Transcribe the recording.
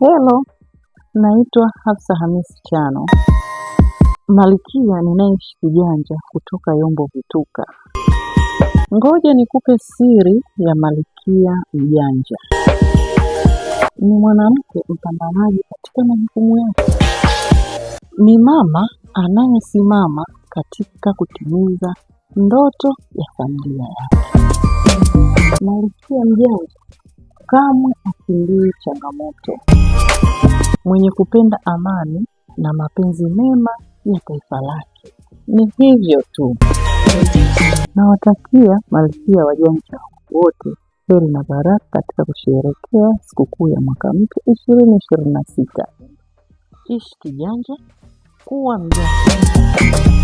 Hello, naitwa Hafsa Hamisi Chano, malkia ninayeishi kijanja kutoka Yombo Vituka. Ngoja nikupe siri ya malkia mjanja. Ni mwanamke mpambanaji katika majukumu yake, ni mama anayesimama katika kutimiza ndoto ya familia yake. Malkia mjanja kamwe akimbii changamoto mwenye kupenda amani na mapenzi mema ya taifa lake. Ni hivyo tu, nawatakia malkia wajanja wote heri na baraka katika kusherehekea sikukuu ya mwaka mpya ishirini ishirini na sita. Ishi kijanja, kuwa mjanja.